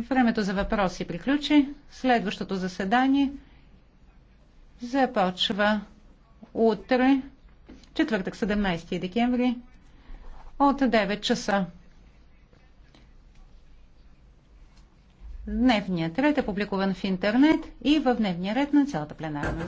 Времето за въпроси приключи. Следващото заседание започва утре, четвъртък 17 декември, от 9 часа. Дневният ред е публикуван в интернет и в дневния ред на цялата пленарна